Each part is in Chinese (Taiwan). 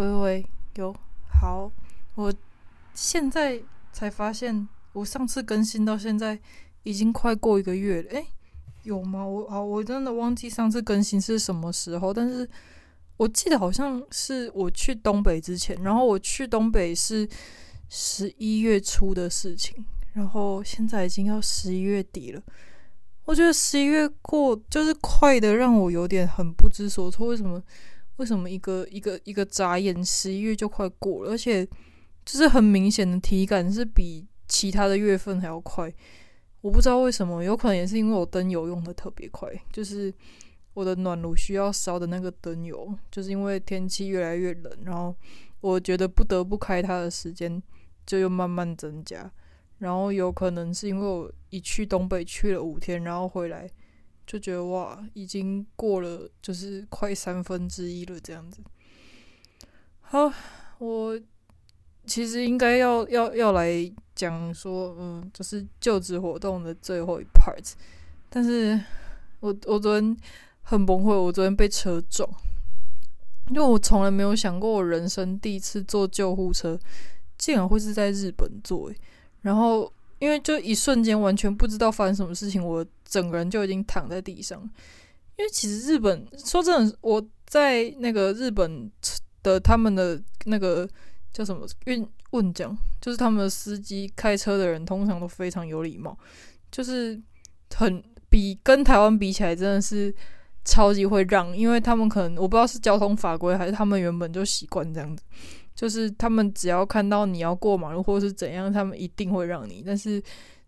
喂喂，有好，我現在才發現，我上次更新到現在已經快過一個月了。欸，有嗎？我好，我真的忘記上次更新是什麼時候。但是，我記得好像是我去東北之前，然後我去東北是十一月初的事情，然後現在已經要十一月底了。我覺得十一月過就是快的，讓我有點很不知所措。為什麼？為什麼一個一個一個眨眼，十一月就快過了，而且就是很明顯的體感是比其他的月份還要快。我不知道為什麼，有可能也是因為我燈油用的特別快，就是我的暖爐需要燒的那個燈油，就是因為天氣越來越冷，然後我覺得不得不開它的時間就又慢慢增加，然後有可能是因為我一去東北去了五天，然後回來。就覺得哇，已經過了，就是快三分之一了這樣子。好，我其實應該要要要來講說，嗯，就是就職活動的最後一 part。但是我我昨天很崩潰，我昨天被車撞，因為我從來沒有想過，我人生第一次坐救護車，竟然會是在日本坐誒。然後。因為就一瞬間，完全不知道發生什麼事情，我整個人就已經躺在地上。因為其實日本說真的，我在那個日本的他們的那個叫什麼運問講，就是他們的司機開車的人通常都非常有禮貌，就是很比跟台灣比起來真的是超級會讓，因為他們可能我不知道是交通法規還是他們原本就習慣這樣子。就是他們只要看到你要過馬路或者是怎樣，他們一定會讓你。但是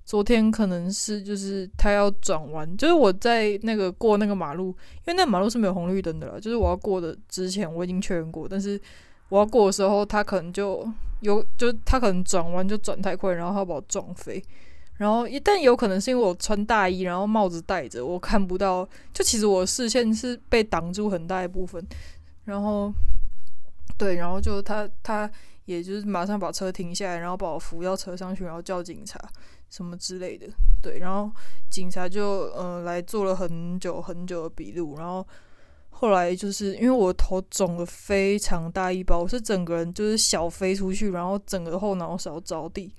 昨天可能是就是他要轉彎，就是我在那個過那個馬路，因為那個馬路是沒有紅綠燈的啦。就是我要過的之前我已經確認過，但是我要過的時候，他可能就有就他可能轉彎就轉太快，然後他把我撞飛。然後一旦有可能是因為我穿大衣，然後帽子戴着，我看不到，就其實我視線是被擋住很大一部分。然後。對，然後就他他也就是馬上把車停下來，然後把我扶到車上去，然後叫警察什麼之類的。對，然後警察就呃來做了很久很久的筆錄，然後後來就是因為我頭腫了非常大一包，我是整個人就是小飛出去，然後整個後腦勺着地，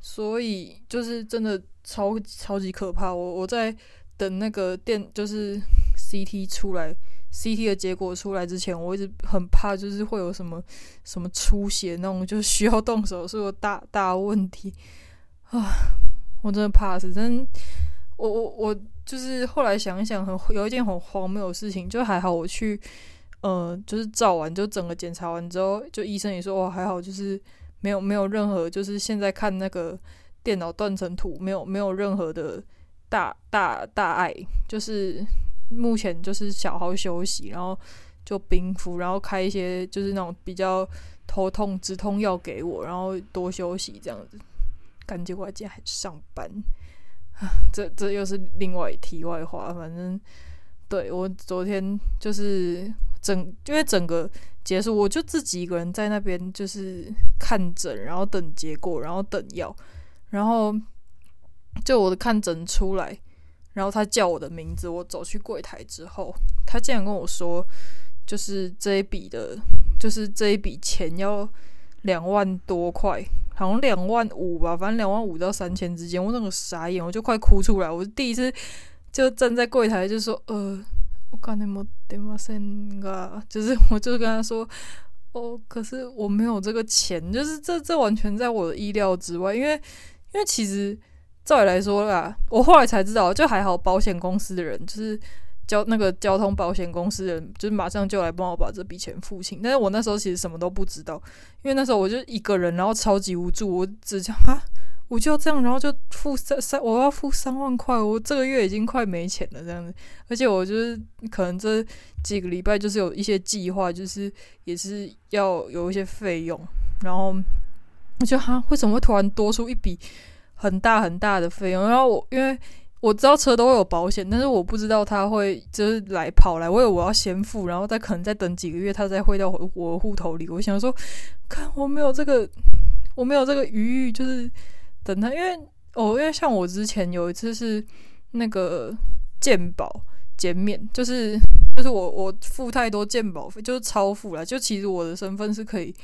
所以就是真的超超級可怕。我我在等那個電就是 CT 出來。CT 的結果出來之前，我一直很怕，就是會有什麼什麼出血那種，就需要動手是，是個大大問題啊！我真的怕死，真我我我就是後來想一想，很有一件很荒謬的事情，就還好我去，呃，就是照完就整個檢查完之後，就醫生也說，哇，還好，就是沒有沒有任何，就是現在看那個電腦斷層圖，沒有沒有任何的大大大礙，就是。目前就是小號休息，然後就冰敷，然後開一些就是那種比較頭痛止痛藥給我，然後多休息這樣子。感覺我今天還上班啊，這這又是另外題外話。反正對我昨天就是整，因為整個結束，我就自己一個人在那邊就是看診，然後等結果，然後等藥，然後就我的看診出來。然後他叫我的名字，我走去櫃檯之後，他竟然跟我說，就是這一筆的，就是這一筆錢要兩萬多塊，好像兩萬五吧，反正兩萬五到三千之間，我那個傻眼，我就快哭出來，我第一次就站在櫃檯就說，呃，我幹你麼點嘛錢啊，就是我就跟他說，哦，可是我沒有這個錢，就是這這完全在我的意料之外，因為因為其實。照理來說啦，我後來才知道，就還好，保險公司的人就是交那個交通保險公司的人，就是馬上就來幫我把這筆錢付清。但是我那時候其實什麼都不知道，因為那時候我就一個人，然後超級無助，我只想啊，我就這樣，然後就付三三，我要付三萬塊，我這個月已經快沒錢了這樣子。而且我就是可能這幾個禮拜就是有一些計劃，就是也是要有一些費用。然後我就，蛤？為什麼會突然多出一筆？很大很大的費用，然後我因為我知道車都會有保險，但是我不知道他會就是來跑來，我以為我要先付，然後再可能再等幾個月他再匯到我我戶頭裡。我想說，看我沒有這個我沒有這個餘裕，就是等他，因為哦因為像我之前有一次是那個健保減免，就是就是我我付太多健保費，就是超付了，就其實我的身份是可以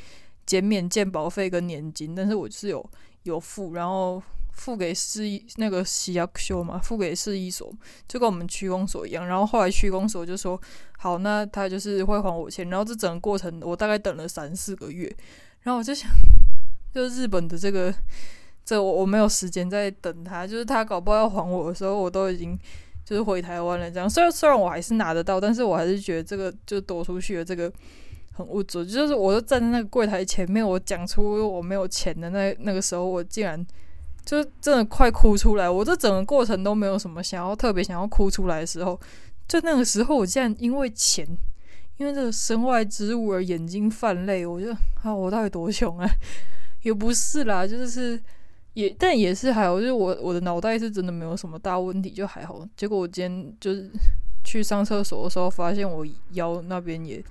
減免健保費跟年金，但是我是有有付，然後。付給市那個市役所嘛，付給市役所，就跟我們區公所一樣。然後後來區公所就說：“好，那他就是會還我錢。”然後這整個過程我大概等了三四個月。然後我就想，就是、日本的這個，這個、我我沒有時間再等他，就是他搞不好要還我的時候，我都已經就是回台灣了。這樣雖然雖然我還是拿得到，但是我還是覺得這個就躲出去的這個很無助。就是我就站在那個櫃台前面，我講出我沒有錢的那那個時候，我竟然。就真的快哭出來，我這整個過程都沒有什麼想要特別想要哭出來的時候，就那個時候我竟然，因為錢，因為這個身外之物而眼睛泛淚，我覺得啊，我到底多窮啊？也不是啦，就是也但也是還好，就是我我的腦袋是真的沒有什麼大問題，就還好。結果我今天就是去上廁所的時候，發現我腰那邊也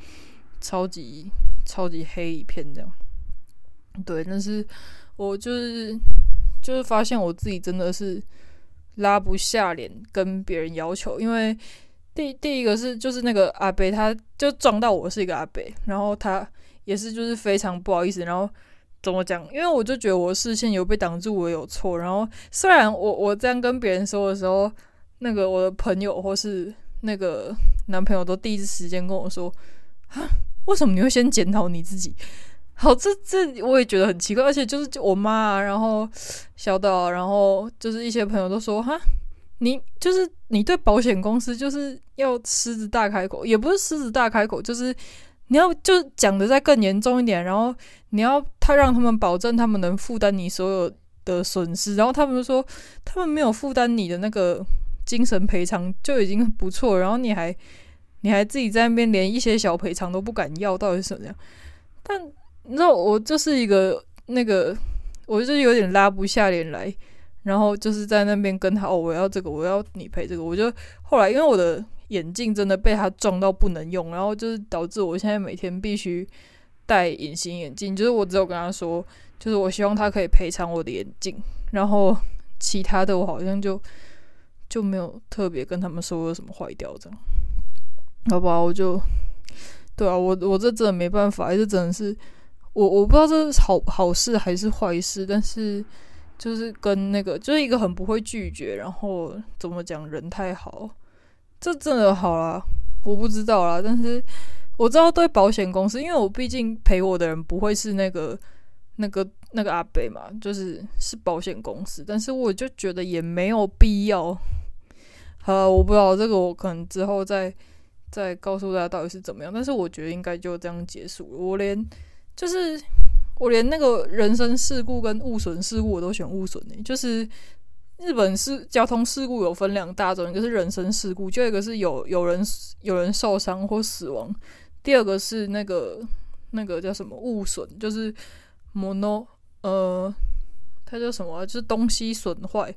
超級超級黑一片，這樣，對，但是我就是。就是發現我自己真的是拉不下臉跟別人要求，因為第第一個是就是那個阿伯，他就撞到我是一個阿伯，然後他也是就是非常不好意思，然後怎麼講？因為我就覺得我視線有被擋住，我有錯。然後雖然我我這樣跟別人說的時候，那個我的朋友或是那個男朋友都第一時間跟我說，啊，為什麼你會先檢討你自己？好，這這我也覺得很奇怪，而且就是就我媽啊，然後小島啊，然後就是一些朋友都說哈，你就是你對保險公司就是要獅子大開口，也不是獅子大開口，就是你要就講的再更嚴重一點，然後你要他讓他們保證他們能負擔你所有的損失，然後他們就說他們沒有負擔你的那個精神賠償就已經不錯，然後你還你還自己在那邊連一些小賠償都不敢要，到底是什麼樣？但。你知道，我就是一個那個，我就有點拉不下臉來，然後就是在那邊跟他哦，我要這個，我要你賠這個。我就後來因為我的眼鏡真的被他撞到不能用，然後就是導致我現在每天必須戴隱形眼鏡，就是我只有跟他說，就是我希望他可以賠償我的眼鏡，然後其他的我好像就就沒有特別跟他們說有什麼壞掉這樣，好不好，我就對啊，我我這真的沒辦法，這真的是。我我不知道這是好好事，還是壞事，但是就是跟那個就是一個很不會拒絕，然後怎麼講人太好，這真的好啦。我不知道啦。但是我知道對保險公司，因為我畢竟賠，我的人不會是那個那個那個阿北嘛，就是是保險公司。但是我就覺得也沒有必要，好啦，我不知道這個，我可能之後再再告訴大家到底是怎麼樣。但是我覺得應該就這樣結束了，我連。就是我連那個人身事故跟物損事故我都選物損的、欸，就是日本是交通事故有分兩大種，一、就、個是人身事故，就一個是有有人有人受傷或死亡；第二個是那個那個叫什麼物損，就是 mono 呃，它叫什麼、啊？就是東西損壞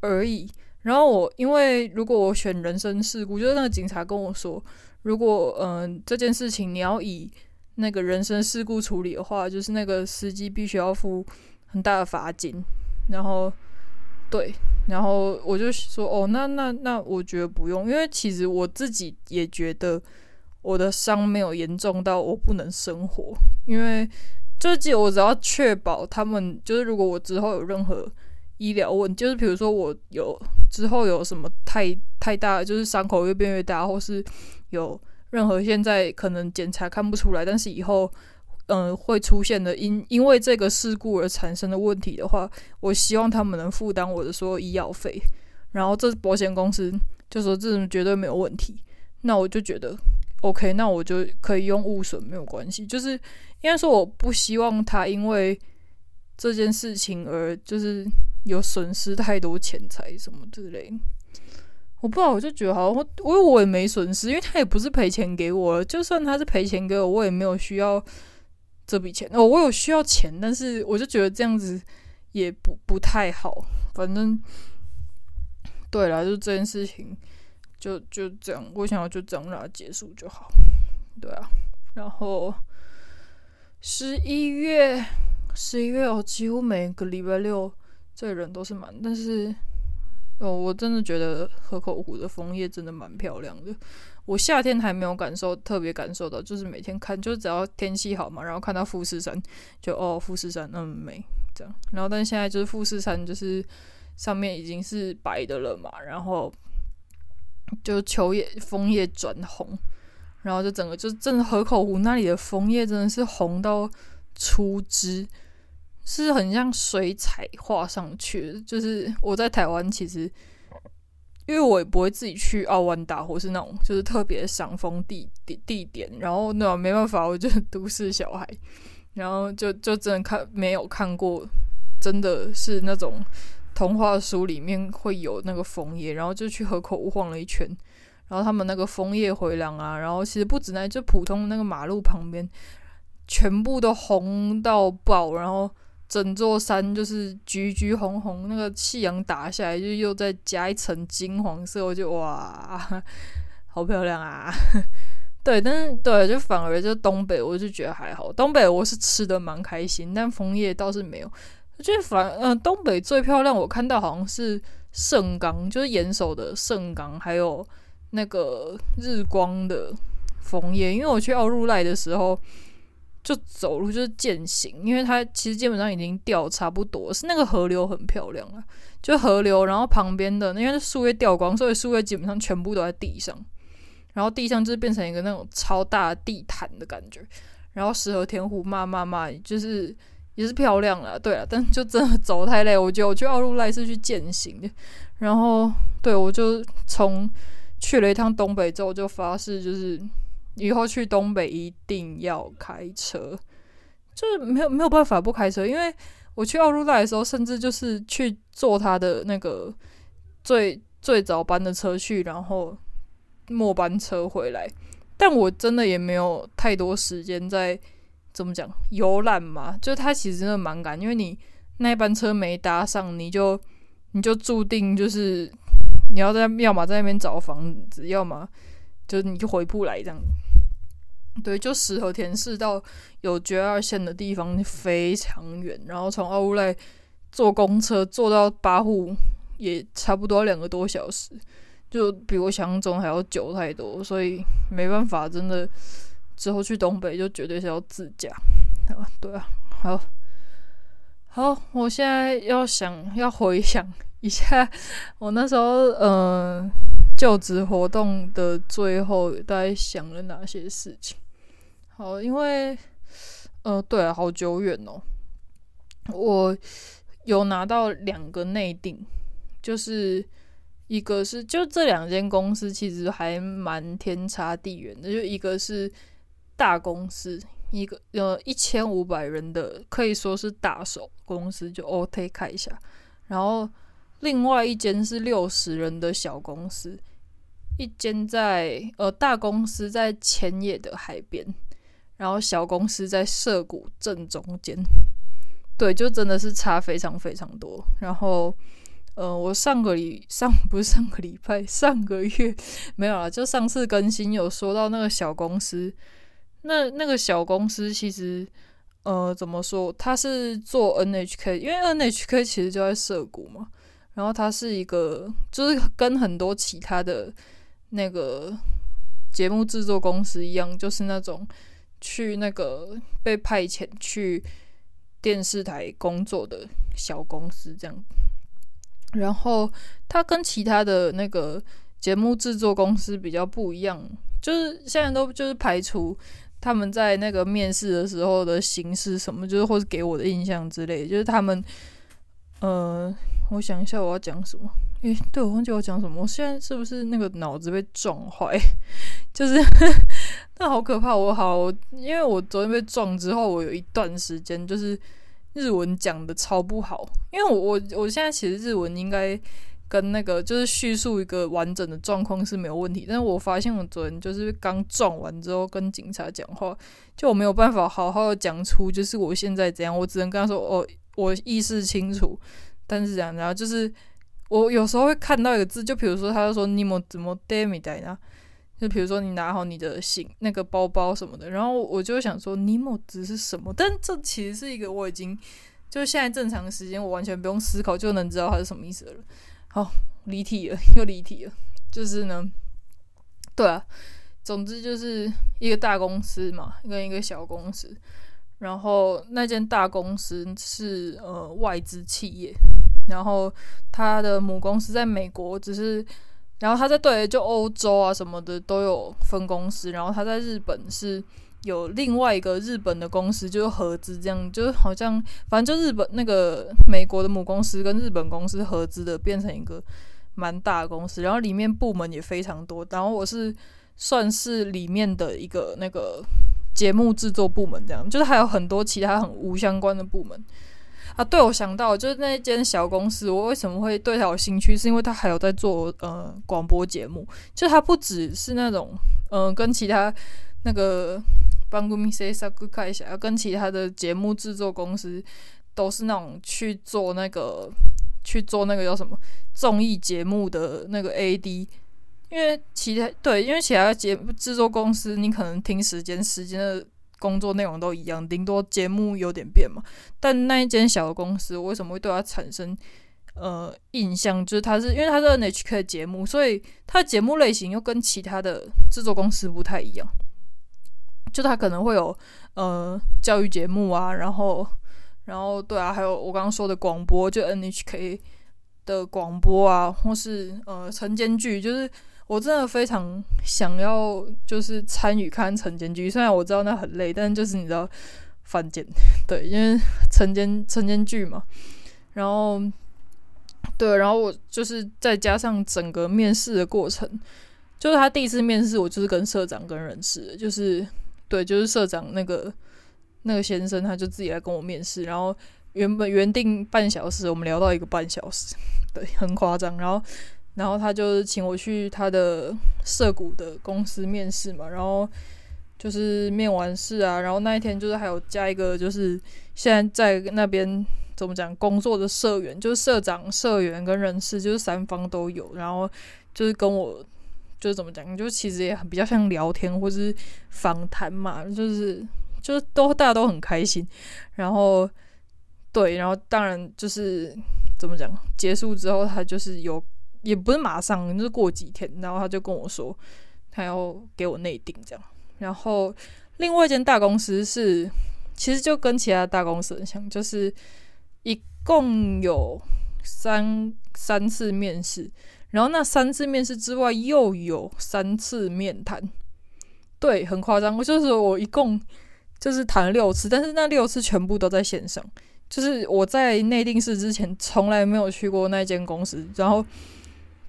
而已。然後我因為如果我選人身事故，就是那個警察跟我說，如果嗯、呃、這件事情你要以那個人身事故處理的話，就是那個司機必須要付很大的罰金。然後，對，然後我就說，哦，那那那，那我覺得不用，因為其實我自己也覺得我的傷沒有嚴重到我不能生活。因為最近我只要確保他們，就是如果我之後有任何醫療問，就是比如說我有之後有什麼太太大的，就是傷口越變越大，或是有。任何現在可能檢查看不出來，但是以後，嗯，會出現的因因為這個事故而產生的問題的話，我希望他們能負擔我的所有醫藥費。然後這保險公司就說，這種絕對沒有問題，那我就覺得 OK，那我就可以用物損沒有關係。就是應該說，我不希望他因為這件事情而就是有損失太多錢財什麼之類的。我不知道，我就覺得好像我，我我也沒損失，因為他也不是賠錢給我了。就算他是賠錢給我，我也沒有需要這筆錢。哦，我有需要錢，但是我就覺得這樣子也不不太好。反正對啦，就這件事情，就就這樣，我想要就這樣讓它結束就好。對啊，然後十一月，十一月哦，幾乎每個禮拜六這人都是滿，但是。哦，我真的覺得河口湖的楓葉真的蠻漂亮的。我夏天還沒有感受特別感受到，就是每天看，就只要天氣好嘛，然後看到富士山，就哦，富士山那麼、嗯、美這樣。然後，但現在就是富士山就是上面已經是白的了嘛，然後就秋葉楓葉轉紅，然後就整個就真的河口湖那裡的楓葉真的是紅到出汁。是很像水彩畫上去，就是我在台灣其實，因為我也不會自己去奧萬大，或是那種就是特別賞楓地地地點，然後那種沒辦法，我就是都市小孩，然後就就真的看沒有看過，真的是那種童話書裡面會有那個楓葉，然後就去河口湖晃了一圈，然後他們那個楓葉回廊啊，然後其實不只在就普通那個馬路旁邊，全部都紅到爆，然後。整座山就是橘橘紅紅，那個夕陽打下來，就又再加一層金黃色，我就哇，好漂亮啊！ 對，但是對，就反而就東北，我就覺得還好。東北我是吃的蠻開心，但楓葉倒是沒有。我覺得反嗯、呃，東北最漂亮，我看到好像是盛岡，就是岩手的盛岡，還有那個日光的楓葉。因為我去奧入瀨的時候。就走路就是健行，因為它其實基本上已經掉差不多，是那個河流很漂亮啊，就河流，然後旁邊的因為樹葉掉光，所以樹葉基本上全部都在地上，然後地上就是變成一個那種超大地毯的感覺，然後十和田湖嘛嘛嘛，就是也是漂亮了，對啊，但就真的走太累，我就我去奧入瀨是去健行，就然後對我就從去了一趟東北之後就發誓就是。以後去東北一定要開車，就是沒有沒有辦法不開車，因為我去奧羅大的時候，甚至就是去坐他的那個最最早班的車去，然後末班車回來，但我真的也沒有太多時間在怎麼講遊覽嘛，就是他其實真的蠻趕，因為你那班車沒搭上，你就你就注定就是你要在，要麼在那邊找房子，要麼就你就回不來這樣。對，就十和田市到有 JR 線的地方非常遠，然後從奧入瀨坐公車坐到八戶也差不多兩個多小時，就比我想象中還要久太多，所以沒辦法，真的，之後去東北就絕對是要自駕。對啊，好好，我現在要想要回想一下我那時候嗯、呃、就職活動的最後大概想了哪些事情。好，因為，呃，對、啊，好久遠哦。我有拿到兩個內定，就是一個是就這兩間公司其實還蠻天差地遠的，就一個是大公司，一個呃一千五百人的可以說是大手公司，就 O T 看一下，然後另外一間是六十人的小公司，一間在呃大公司在千葉的海邊。然後小公司在澀谷正中間，對，就真的是差非常非常多。然後，呃，我上個禮，上，不是上個禮拜，上個月，沒有啦，就上次更新有說到那個小公司，那那個小公司其實，呃，怎麼說？它是做 NHK，因為 NHK 其實就在澀谷嘛。然後它是一個，就是跟很多其他的那個節目制作公司一樣，就是那種。去那個被派遣去電視台工作的小公司，這樣。然後他跟其他的那個節目製作公司比較不一樣，就是現在都就是排除他們在那個面試的時候的形式什麼，就是或是給我的印象之類，就是他們，呃，我想一下我要講什麼。誒、欸，對，我忘記我講什麼。我現在是不是那個腦子被撞壞？就是呵呵那好可怕，我好，因為我昨天被撞之後，我有一段時間就是日文講得超不好。因為我我我現在其實日文應該跟那個就是敘述一個完整的狀況是沒有問題，但是我發現我昨天就是剛撞完之後跟警察講話，就我沒有辦法好好講出就是我現在怎樣，我只能跟他說哦，我意識清楚，但是這樣，樣，然後就是。我有時候會看到一個字，就比如說，他就說荷物もでみたいな，就比如說你拿好你的行那個包包什麼的，然後我就想說荷物是什麼？但這其實是一個我已經就現在正常的時間我完全不用思考就能知道它是什麼意思了。好，離題了，又離題了。就是呢，對啊，總之就是一個大公司嘛，跟一個小公司，然後那間大公司是呃外資企業。然後他的母公司在美國，只是，然後他在對就歐洲啊什麼的都有分公司，然後他在日本是有另外一個日本的公司，就是合資這樣，就是好像反正就日本那個美國的母公司跟日本公司合資的，變成一個蠻大的公司，然後裡面部門也非常多，然後我是算是裡面的一個那個節目製作部門這樣，就是還有很多其他很無相關的部門。啊，對，我想到就是那一間小公司，我為什麼會對它有興趣，是因為它還有在做呃廣播節目，就它不只是那種嗯、呃、跟其他那個番組制作會社一下，跟其他的節目制作公司都是那種去做那個去做那個叫什麼綜藝節目的那個 AD，因為其他對，因為其他節目制作公司你可能聽時間時間的。工作內容都一樣，頂多節目有點變嘛。但那一間小的公司我為什麼會對他產生呃印象？就是他是因為他是 N H K 節目，所以他的節目類型又跟其他的制作公司不太一樣。就他可能會有呃教育節目啊，然後然後對啊，還有我剛剛說的廣播，就 N H K 的廣播啊，或是呃晨間劇，就是。我真的非常想要，就是參與看成建劇，雖然我知道那很累，但是就是你知道，犯賤，對，因為成年成建劇嘛，然後，對，然後我就是再加上整個面試的過程，就是他第一次面試，我就是跟社長跟人事，就是對，就是社長那個那個先生，他就自己來跟我面試，然後原本原定半小時，我們聊到一個半小時，對，很誇張，然後。然後他就是請我去他的社股的公司面試嘛，然後就是面完試啊，然後那一天就是還有加一個就是現在在那邊怎麼講工作的社員，就是社長、社員跟人事就是三方都有，然後就是跟我就是怎麼講，就其實也很比較像聊天或是訪談嘛，就是就是都大家都很開心，然後對，然後當然就是怎麼講結束之後他就是有。也不是馬上，就是過幾天，然後他就跟我說，他要給我內定這樣。然後另外一間大公司是，其實就跟其他大公司很像，就是一共有三三次面試，然後那三次面試之外又有三次面談，對，很誇張。我就是我一共就是談了六次，但是那六次全部都在線上，就是我在內定式之前從來沒有去過那間公司，然後。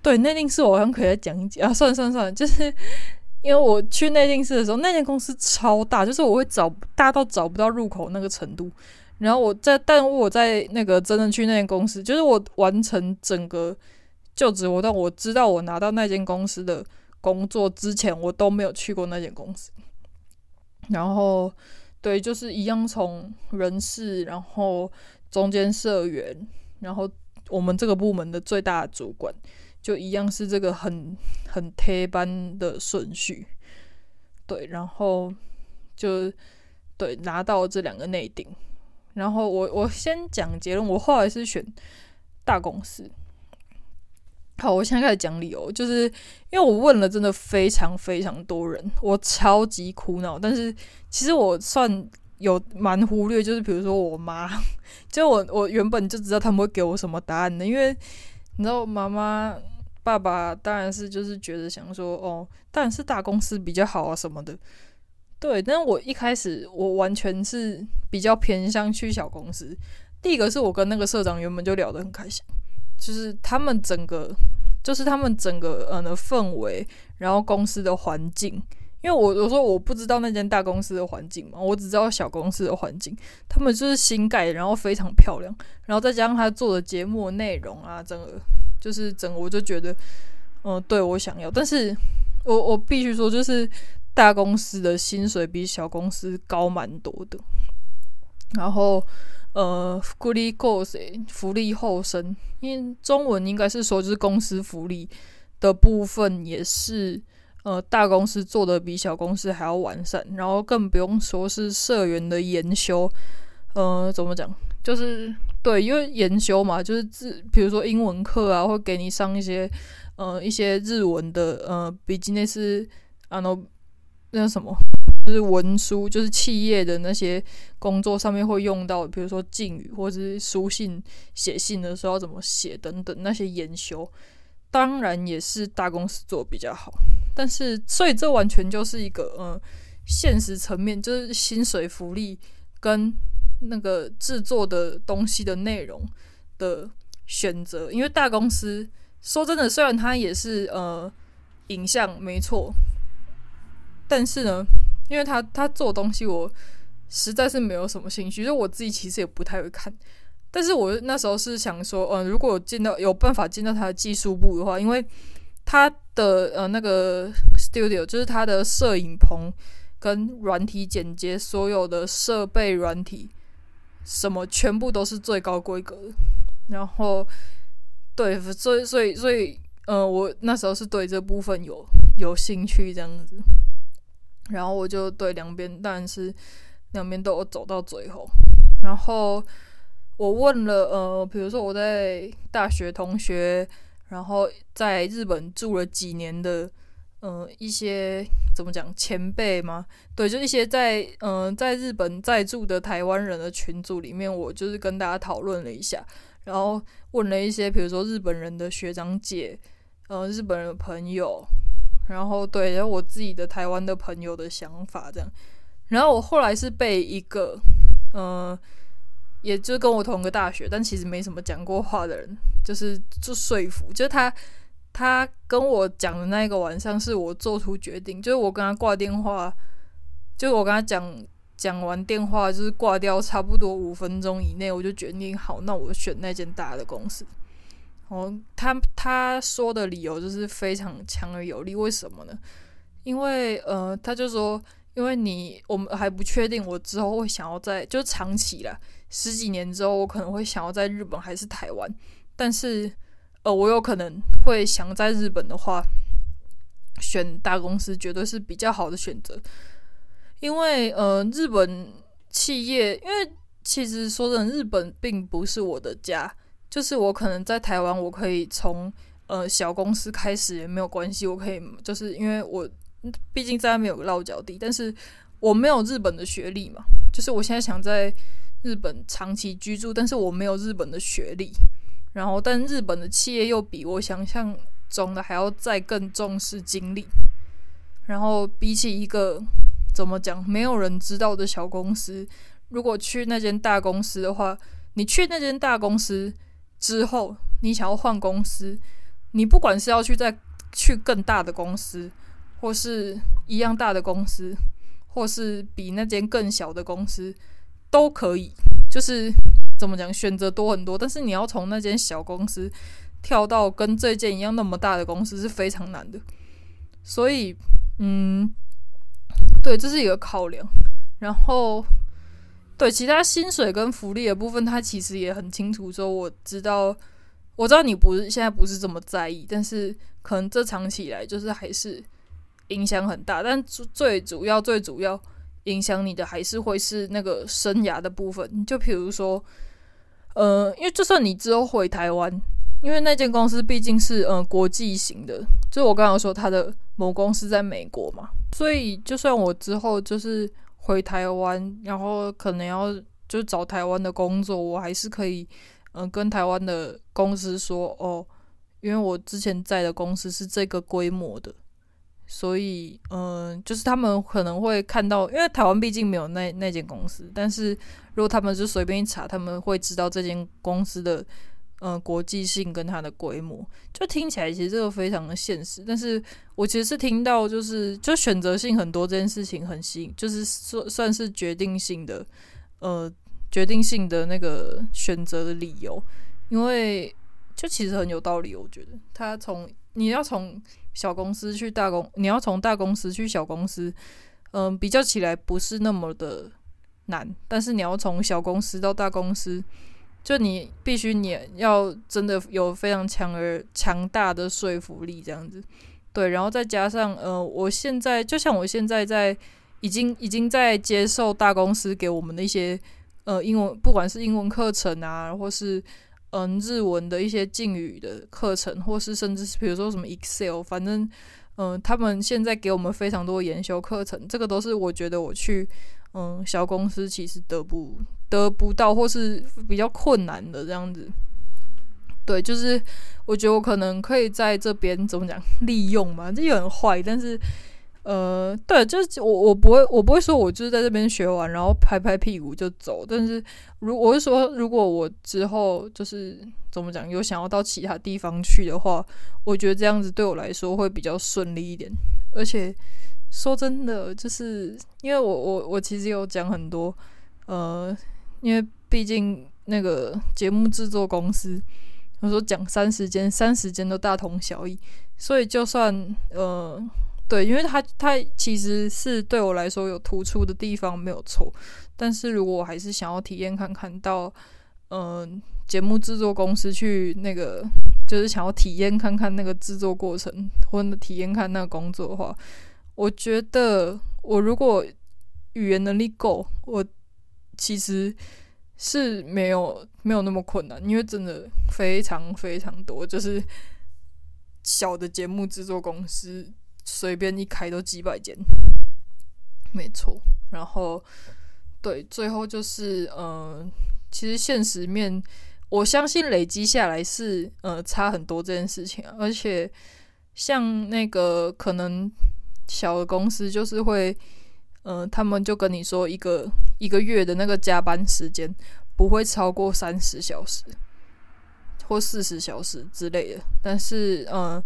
對，內定式我好像可以再講一講啊，算了算了算了，就是因為我去內定式的時候，那間公司超大，就是我會找大到找不到入口那個程度。然後我在，但我在那個真的去那間公司，就是我完成整個就職，我到我知道我拿到那間公司的工作之前，我都沒有去過那間公司。然後，對，就是一樣從人事，然後中間社員，然後我們這個部門的最大的主管。就一樣是這個很很貼班的順序，對，然後就對，拿到這兩個內定，然後我我先講結論，我後來是選大公司。好，我現在開始講理由，就是因為我問了真的非常非常多人，我超級苦惱，但是其實我算有蠻忽略，就是比如說我媽，就我我原本就知道他們會給我什麼答案的，因為你知道我媽媽。爸爸當然是就是覺得想說哦，當然是大公司比較好啊什麼的。對，但我一開始我完全是比較偏向去小公司。第一個是我跟那個社長原本就聊得很開心，就是他們整個就是他們整個嗯的氛圍，然後公司的環境。因為我有時候我不知道那間大公司的環境嘛，我只知道小公司的環境，他們就是新蓋，然後非常漂亮，然後再加上他做的節目內容啊，整個。就是整個我就覺得，嗯、呃，對，我想要，但是我我必須說，就是大公司的薪水比小公司高蠻多的。然後，呃，福利夠誰？福利厚生，因為中文應該是說，就是公司福利的部分也是，呃，大公司做的比小公司還要完善。然後更不用說是社員的研修。嗯、呃，怎麼講，就是。對，因為研修嘛，就是自比如說英文課啊，會給你上一些，呃，一些日文的，呃，business 啊，那那什麼，就是文書，就是企業的那些工作上面會用到，比如說敬語或者是書信，寫信的時候要怎麼寫等等，那些研修，當然也是大公司做比較好，但是，所以這完全就是一個，呃，現實層面就是薪水福利跟，那個製作的東西的內容的選擇，因為大公司說真的，雖然它也是呃影像沒錯，但是呢，因為它它做東西，我實在是沒有什麼興趣，就我自己其實也不太會看。但是我那時候是想說，嗯、呃，如果進到有辦法進到它的技術部的話，因為它的呃那個 studio 就是它的攝影棚跟軟體剪接所有的設備軟體。什麼全部都是最高規格，然後對，所以所以所以，嗯、呃，我那時候是對這部分有有興趣這樣子，然後我就對兩邊，但是兩邊都有走到最後，然後我問了，呃，比如說我在大學同學，然後在日本住了幾年的。嗯、呃，一些怎麼講前輩嗎？對，就一些在嗯、呃、在日本在住的台灣人的群組裡面，我就是跟大家討論了一下，然後問了一些比如說日本人的學長姐，嗯、呃，日本人的朋友，然後對，然後我自己的台灣的朋友的想法這樣，然後我後來是被一個嗯、呃，也就跟我同個大學，但其實沒什麼講過話的人，就是就說服，就是他。他跟我講的那個晚上，是我做出決定，就是我跟他掛電話，就是我跟他講講完電話，就是掛掉差不多五分鐘以內，我就決定好，那我選那間大的公司。然後，哦，他他說的理由就是非常強而有力，為什麼呢？因為呃，他就說，因為你我們還不確定，我之後會想要在就是長期啦十幾年之後，我可能會想要在日本還是台灣，但是。呃，我有可能會想在日本的話，選大公司絕對是比較好的選擇，因為呃，日本企業，因為其實說真的，日本並不是我的家，就是我可能在台灣，我可以從呃小公司開始也沒有關係，我可以就是因為我畢竟在外面有個落腳地，但是我沒有日本的學歷嘛，就是我現在想在日本長期居住，但是我沒有日本的學歷。然後，但日本的企業又比我想象中的還要再更重視經歷。然後，比起一個怎麼講沒有人知道的小公司，如果去那間大公司的話，你去那間大公司之後，你想要換公司，你不管是要去再去更大的公司，或是一樣大的公司，或是比那間更小的公司，都可以，就是。怎麼講？選擇多很多，但是你要從那間小公司跳到跟這間一樣那麼大的公司是非常難的。所以，嗯，對，這是一個考量。然後，對，其他薪水跟福利的部分，他其實也很清楚，說我知道，我知道你不是現在不是這麼在意，但是可能這長期以來就是還是影響很大。但最主要，最主要。影響你的還是會是那個生涯的部分，就比如說，呃，因為就算你之後回台灣，因為那間公司畢竟是嗯、呃、國際型的，就我剛剛說他的某公司在美國嘛，所以就算我之後就是回台灣，然後可能要就找台灣的工作，我還是可以，嗯、呃，跟台灣的公司說，哦，因為我之前在的公司是這個規模的。所以，嗯、呃，就是他們可能會看到，因為台灣畢竟沒有那那間公司，但是如果他們就隨便一查，他們會知道這間公司的，嗯、呃，國際性跟它的規模，就聽起來其實這個非常的現實。但是我其實是聽到、就是，就是就選擇性很多這件事情很吸引，就是算算是決定性的，呃，決定性的那個選擇的理由，因為就其實很有道理，我覺得他從你要從。小公司去大公，你要從大公司去小公司，嗯，比較起來不是那麼的難。但是你要從小公司到大公司，就你必須你要真的有非常強而強大的說服力這樣子，對。然後再加上呃，我現在就像我現在在已經已經在接受大公司給我們的一些呃英文，不管是英文課程啊，或是。嗯，日文的一些敬語的課程，或是甚至是比如說什麼 Excel，反正嗯，他們現在給我們非常多研修課程，這個都是我覺得我去嗯小公司其實得不得不到，或是比較困難的這樣子。對，就是我覺得我可能可以在這邊怎麼講利用嘛，這也很壞，但是。呃，對，就是我我不會我不會說我就是在這邊學完，然後拍拍屁股就走。但是如果我是說，如果我之後就是怎麼講，有想要到其他地方去的話，我覺得這樣子對我來說會比較順利一點。而且說真的，就是因為我我我其實有講很多，呃，因為畢竟那個節目製作公司，我說講三十間三十間都大同小異，所以就算呃。對，因為它它其實是對我來說有突出的地方，沒有錯。但是如果我還是想要體驗看看到，嗯，節目制作公司去那個，就是想要體驗看看那個制作過程，或者體驗看那個工作的話，我覺得我如果語言能力夠，我其實是沒有沒有那麼困難，因為真的非常非常多，就是小的節目制作公司。隨便一開都幾百間，沒錯。然後對，最後就是嗯、呃，其實現實面，我相信累積下來是呃差很多這件事情、啊。而且像那個可能小的公司，就是會嗯、呃，他們就跟你說一個一個月的那個加班時間不會超過三十小時或四十小時之類的，但是嗯。呃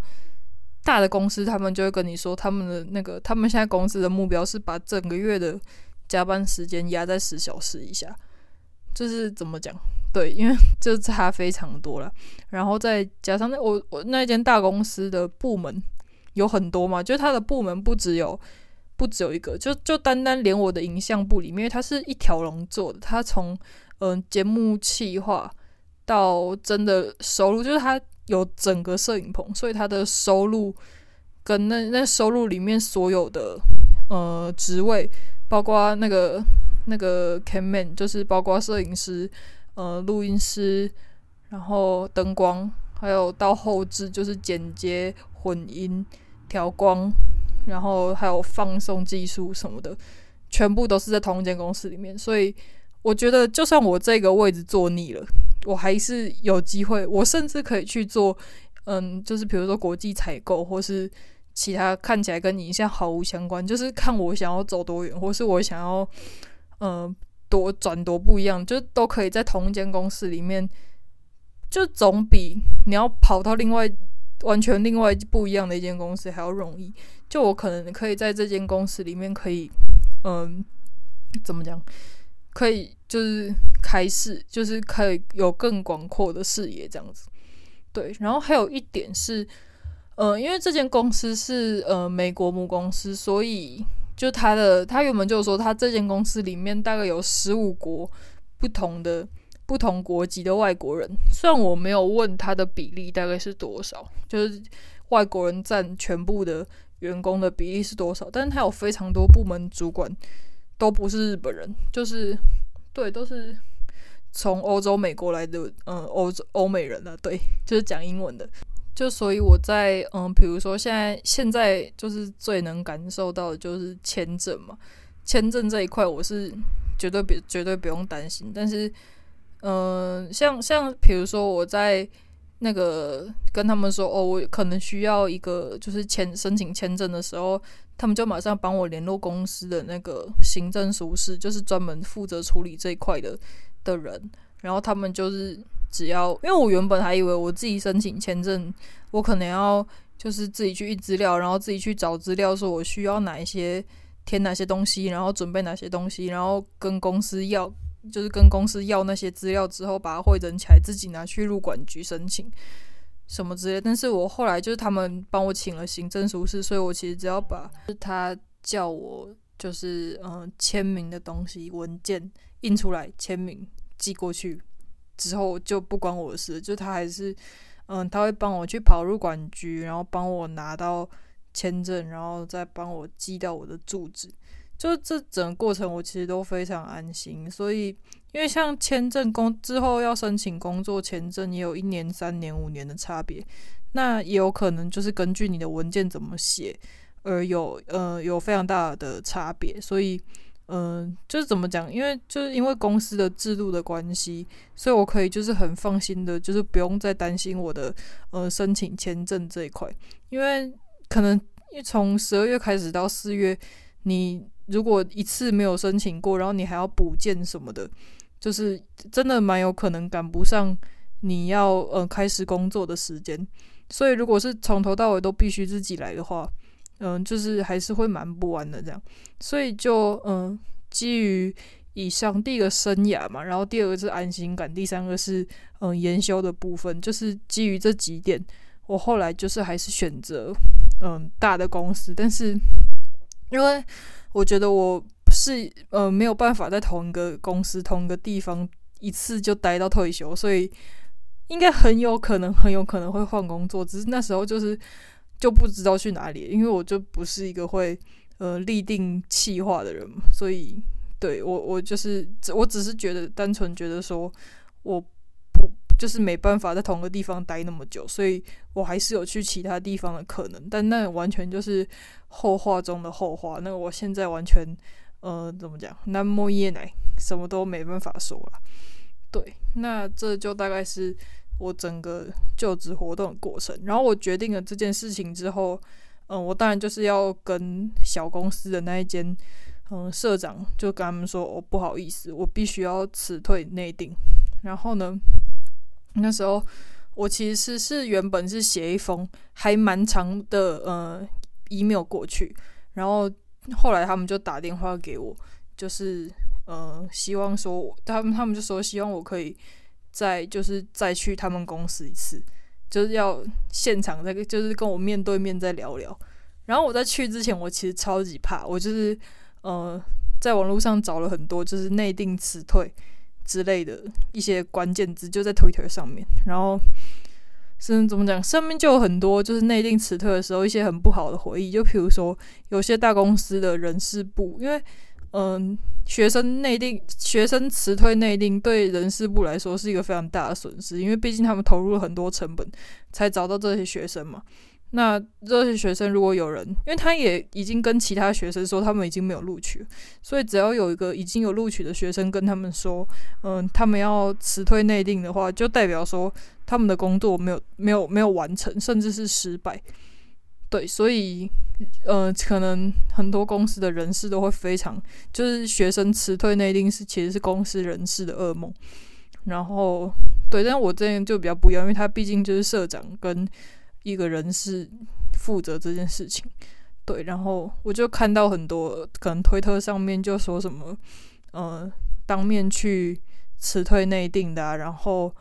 大的公司，他們就會跟你說，他們的那個，他們現在公司的目標是把整個月的加班時間壓在十小時以下。就是怎麼講？對，因為就差非常多了。然後再加上那我我那間大公司的部門有很多嘛，就他的部門不只有不只有一個，就就單單連我的影像部裡面，因為它是一條龍做的，它從嗯節目企劃到真的收入，就是它。有整個攝影棚，所以他的收入跟那那收入裡面所有的呃職位，包括那個那個 cameraman 就是包括攝影師，呃，錄音師，然後燈光，還有到後製就是剪接、混音、調光，然後還有放送技術什麼的，全部都是在同一間公司裡面，所以我覺得就算我這個位置坐膩了。我還是有機會，我甚至可以去做，嗯，就是比如說國際採購，或是其他看起來跟你現在毫無相關，就是看我想要走多遠，或是我想要，嗯，多轉多不一樣，就都可以在同一間公司裡面，就總比你要跑到另外完全另外不一樣的一間公司還要容易。就我可能可以在這間公司裡面，可以，嗯，怎麼講？可以就是開視，就是可以有更廣闊的視野這樣子。對，然後還有一點是，嗯、呃，因為這間公司是呃美國母公司，所以就他的他原本就是說，他這間公司裡面大概有十五國不同的不同國籍的外國人。雖然我沒有問他的比例大概是多少，就是外國人佔全部的員工的比例是多少，但是他有非常多部門主管，都不是日本人，就是對，都是從歐洲、美國來的，嗯，歐洲歐美人的啊，對，就是講英文的。就所以我在嗯，比如說現在現在就是最能感受到的就是簽證嘛，簽證這一塊我是絕對別絕對不用擔心。但是嗯，像像比如說我在那個跟他們說哦，我可能需要一個就是簽申請簽證的時候。他們就馬上幫我聯絡公司的那個行政書士，就是專門負責處理這一塊的的人。然後他們就是只要，因為我原本還以為我自己申請簽證，我可能要就是自己去印資料，然後自己去找資料，說我需要哪一些，填哪些東西，然後準備哪些東西，然後跟公司要，就是跟公司要那些資料之後，把它匯整起來，自己拿去入管局申請。什麼之類，但是我後來就是他們幫我請了行政書士，所以我其實只要把，他叫我就是嗯簽名的東西文件印出來簽名寄過去之後就不關我的事，就他還是嗯他會幫我去跑入管局，然後幫我拿到簽證，然後再幫我寄到我的住址。就這整個過程，我其實都非常安心。所以，因為像簽證工之後要申請工作簽證，也有一年、三年、五年的差別，那也有可能就是根據你的文件怎麼寫，而有呃有非常大的差別。所以，嗯、呃，就是怎麼講？因為就是因為公司的制度的關係，所以我可以就是很放心的，就是不用再擔心我的呃申請簽證這一塊，因為可能從十二月開始到四月，你。如果一次沒有申請過，然後你還要補件什麼的，就是真的蠻有可能趕不上你要呃、嗯、開始工作的時間。所以，如果是從頭到尾都必須自己來的話，嗯，就是還是會蠻不安的這樣。所以就，就嗯，基於以上第一個生涯嘛，然後第二個是安心感，第三個是嗯研修的部分，就是基於這幾點，我後來就是還是選擇嗯大的公司，但是因為。我覺得我是呃沒有辦法在同一個公司、同一個地方一次就待到退休，所以應該很有可能、很有可能會換工作。只是那時候就是就不知道去哪裡，因為我就不是一個會呃立定計劃的人，所以對我我就是我只是覺得單純覺得說我。就是沒辦法在同個地方待那麼久，所以我還是有去其他地方的可能。但那完全就是後話中的後話。那我現在完全呃，怎麼講？何も言えない，什麼都沒辦法說了。對，那這就大概是我整個就職活動的過程。然後我決定了這件事情之後，嗯、呃，我當然就是要跟小公司的那一間嗯、呃、社長就跟他們說，哦，不好意思，我必須要辭退內定。然後呢？那時候我其實是，是原本是寫一封還蠻長的呃 email 過去，然後後來他們就打電話給我，就是呃希望說我，他們他們就說希望我可以再就是再去他們公司一次，就是要現場再就是跟我面對面再聊聊。然後我在去之前，我其實超級怕，我就是呃在網絡上找了很多就是內定辭退。之類的一些關鍵字就在 Twitter 上面，然後是怎麼講？上面就有很多就是內定辭退的時候一些很不好的回憶，就譬如說有些大公司的人事部，因為嗯，學生內定、學生辭退內定對人事部來說是一個非常大的損失，因為畢竟他們投入了很多成本才找到這些學生嘛。那這些學生如果有人，因為他也已經跟其他學生說他們已經沒有錄取，所以只要有一個已經有錄取的學生跟他們說，嗯、呃，他們要辭退內定的話，就代表說他們的工作沒有沒有沒有完成，甚至是失敗。對，所以，呃，可能很多公司的人事都會非常，就是學生辭退內定是其實是公司人事的噩夢。然後，對，但我這邊就比較不一樣，因為他畢竟就是社長跟。一個人是負責這件事情，對，然後我就看到很多可能推特上面就說什麼，呃，當面去辭退內定的啊，然後，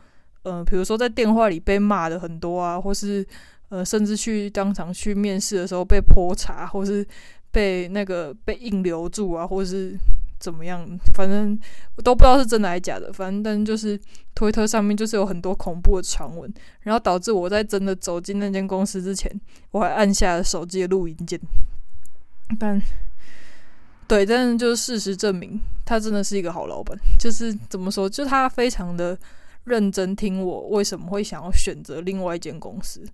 呃，比如說在電話裡被罵的很多啊，或是呃，甚至去當場去面試的時候被潑茶，或是被那個被硬留住啊，或是。怎麼樣？反正我都不知道是真的還是假的。反正，但就是推特上面就是有很多恐怖的傳聞，然後導致我在真的走進那間公司之前，我還按下了手機的錄音鍵。但，對，但是就是事實證明，他真的是一個好老闆。就是怎麼說，就他非常的認真聽我為什麼會想要選擇另外一間公司，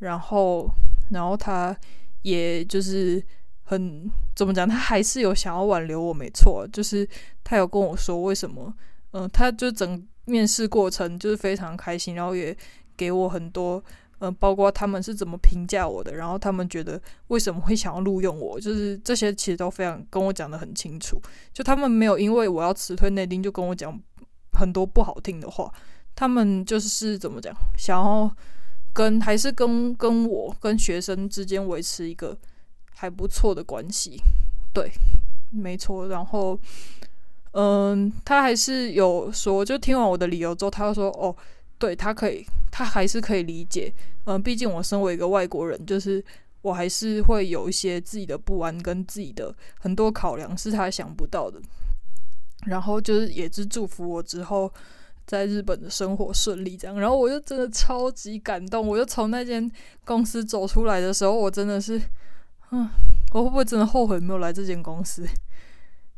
然後，然後他也就是。很怎麼講？他還是有想要挽留我，沒錯，就是他有跟我說為什麼。嗯、呃，他就整面試過程就是非常開心，然後也給我很多，嗯、呃，包括他們是怎麼評價我的，然後他們覺得為什麼會想要錄用我，就是這些其實都非常跟我講得很清楚。就他們沒有因為我要辭退內定就跟我講很多不好聽的話，他們就是怎麼講，想要跟還是跟跟我跟學生之間維持一個。還不錯的關係，對，沒錯。然後，嗯，他還是有說，就聽完我的理由之後，他就說：“哦，對，他可以，他還是可以理解。”嗯，畢竟我身為一個外國人，就是我還是會有一些自己的不安跟自己的很多考量是他想不到的。然後就是也是祝福我之後在日本的生活順利這樣。然後我就真的超級感動，我就從那間公司走出來的時候，我真的是。嗯，我會不會真的後悔沒有來這間公司？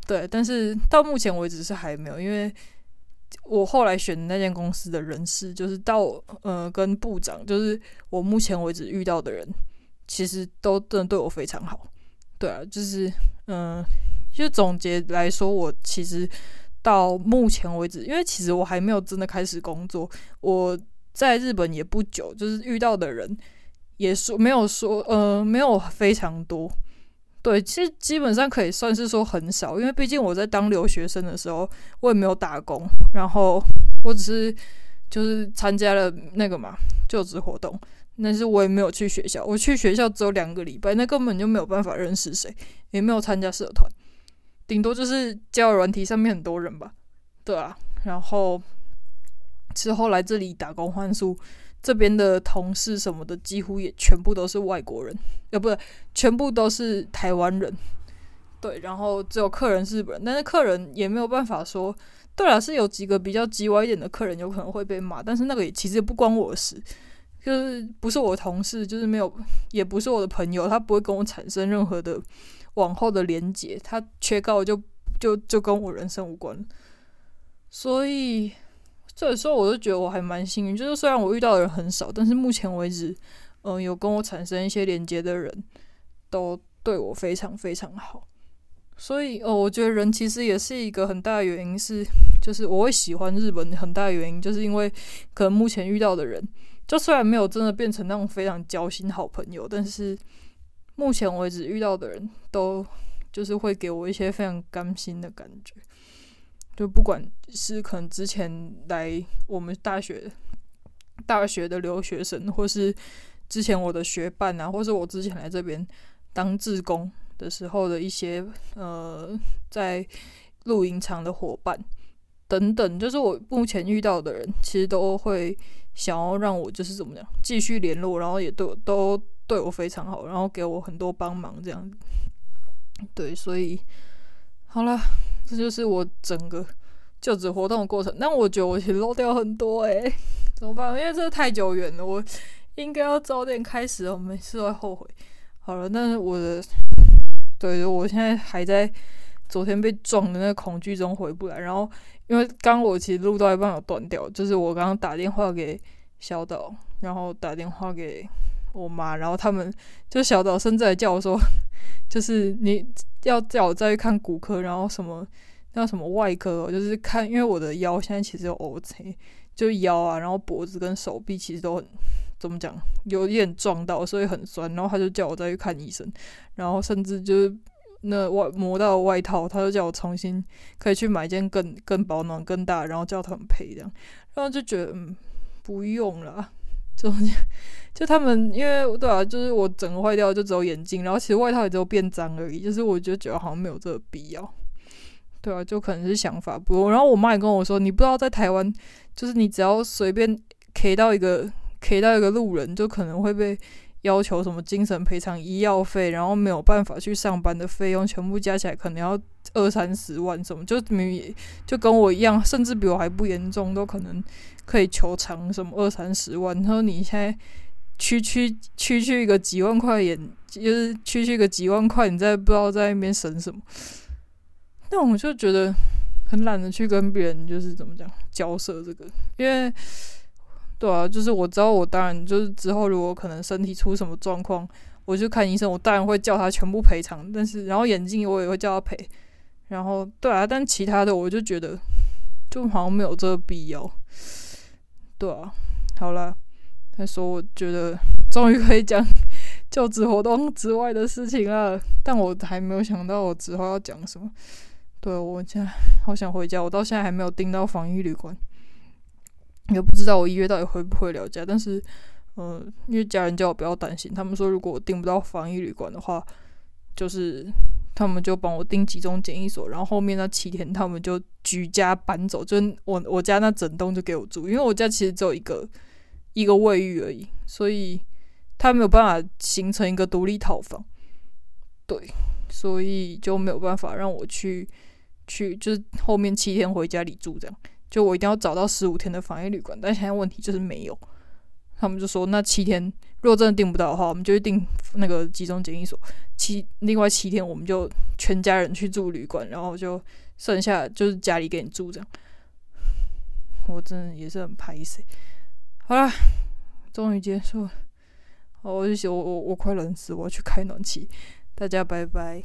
對，但是到目前為止是還沒有，因為我後來選的那間公司的人事，就是到呃跟部長，就是我目前為止遇到的人，其實都真的對我非常好。對啊，就是嗯、呃，就總結來說，我其實到目前為止，因為其實我還沒有真的開始工作，我在日本也不久，就是遇到的人，也說沒有說，呃，沒有非常多。對，其實基本上可以算是說很少，因為畢竟我在當留學生的時候，我也沒有打工，然後我只是就是參加了那個嘛就職活動，但是我也沒有去學校，我去學校只有兩個禮拜，那根本就沒有辦法認識誰，也沒有參加社團，頂多就是交友軟體上面很多人吧。對啊，然後之後來這裡打工換宿。這邊的同事什麼的，幾乎也全部都是外國人，呃，不對，全部都是台灣人。對，然後只有客人是日本人，但是客人也沒有辦法說。對啊，是有幾個比較嘰歪一點的客人，有可能會被罵，但是那個也其實不關我的事，就是不是我的同事，就是沒有，也不是我的朋友，他不會跟我產生任何的往後的連接，他缺告就就就跟我人生無關，所以。所以說，我就覺得我還蠻幸運，就是雖然我遇到的人很少，但是目前為止，嗯、呃，有跟我產生一些連接的人都對我非常非常好。所以，哦、呃，我覺得人其實也是一個很大的原因，是就是我會喜歡日本很大的原因，就是因為可能目前遇到的人，就雖然沒有真的變成那種非常交心好朋友，但是目前為止遇到的人都就是會給我一些非常甘心的感覺。就不管是可能之前來我們大學大學的留學生，或是之前我的學伴啊，或是我之前來這邊當志工的時候的一些呃，在露營場的夥伴等等，就是我目前遇到的人，其實都會想要讓我就是怎麼樣繼續聯絡，然後也都都對我非常好，然後給我很多幫忙這樣子。對，所以好了。這就是我整個就職活動的過程，但我覺得我其實漏掉很多誒、欸，怎麼辦？因為這太久遠了，我應該要早點開始，我每次都會後悔。好了，但是我的，對我現在還在昨天被撞的那個恐懼中回不來。然後因為剛，剛我其實錄到一半有斷掉，就是我剛剛打電話給小島，然後打電話給。我媽，然後他們就小早生在叫我說，就是你要叫我再去看骨科，然後什麼那什麼外科，就是看，因為我的腰現在其實有 O、OK，C，就腰啊，然後脖子跟手臂其實都很怎麼講，有一點撞到，所以很酸。然後他就叫我再去看醫生，然後甚至就是那外磨到外套，他就叫我重新可以去買一件更更保暖、更大，然後叫他們賠這樣。然後就覺得嗯，不用了。就 就他們，因為對啊，就是我整個壞掉，就只有眼鏡，然後其實外套也只有變髒而已，就是我覺得覺得好像沒有這個必要。對啊，就可能是想法不多。然後我媽也跟我說，你不知道在台灣，就是你只要隨便 K 到一個 K 到一個路人，就可能會被要求什麼精神賠償、醫藥費，然後沒有辦法去上班的費用，全部加起來可能要二三十萬，什麼就明明也就跟我一樣，甚至比我還不嚴重，都可能可以求償什麼二三十萬。他說你現在區區區區一個幾萬塊也，就是區區一個幾萬塊，你再不知道在那邊省什麼。那我就覺得很懶得去跟別人就是怎麼講交涉這個，因為。對啊，就是我知道，我當然就是之後如果可能身體出什麼狀況，我就看醫生，我當然會叫他全部賠償。但是然後眼鏡我也會叫他賠，然後對啊，但其他的我就覺得就好像沒有這個必要。對啊，好啦，再說我覺得終於可以講就 職活動之外的事情了，但我還沒有想到我之後要講什麼。對啊，我現在好想回家，我到現在還沒有訂到防疫旅館。也不知道我一月到底回不回老家，但是，嗯、呃，因為家人叫我不要擔心，他們說如果我訂不到防疫旅館的話，就是他們就幫我訂集中檢疫所，然後後面那七天他們就舉家搬走，就我我家那整棟就給我住，因為我家其實只有一個一個衛浴而已，所以他沒有辦法形成一個獨立套房，對，所以就沒有辦法讓我去去就是後面七天回家裡住這樣。就我一定要找到十五天的防疫旅館，但現在問題就是沒有。他們就說那七天如果真的訂不到的話，我們就去訂那個集中檢疫所。七，另外七天我們就全家人去住旅館，然後就剩下就是家裡給你住這樣。我真的也是很排斥。好啦，終於結束了。好，我就寫我我我快冷死，我要去開暖氣。大家拜拜。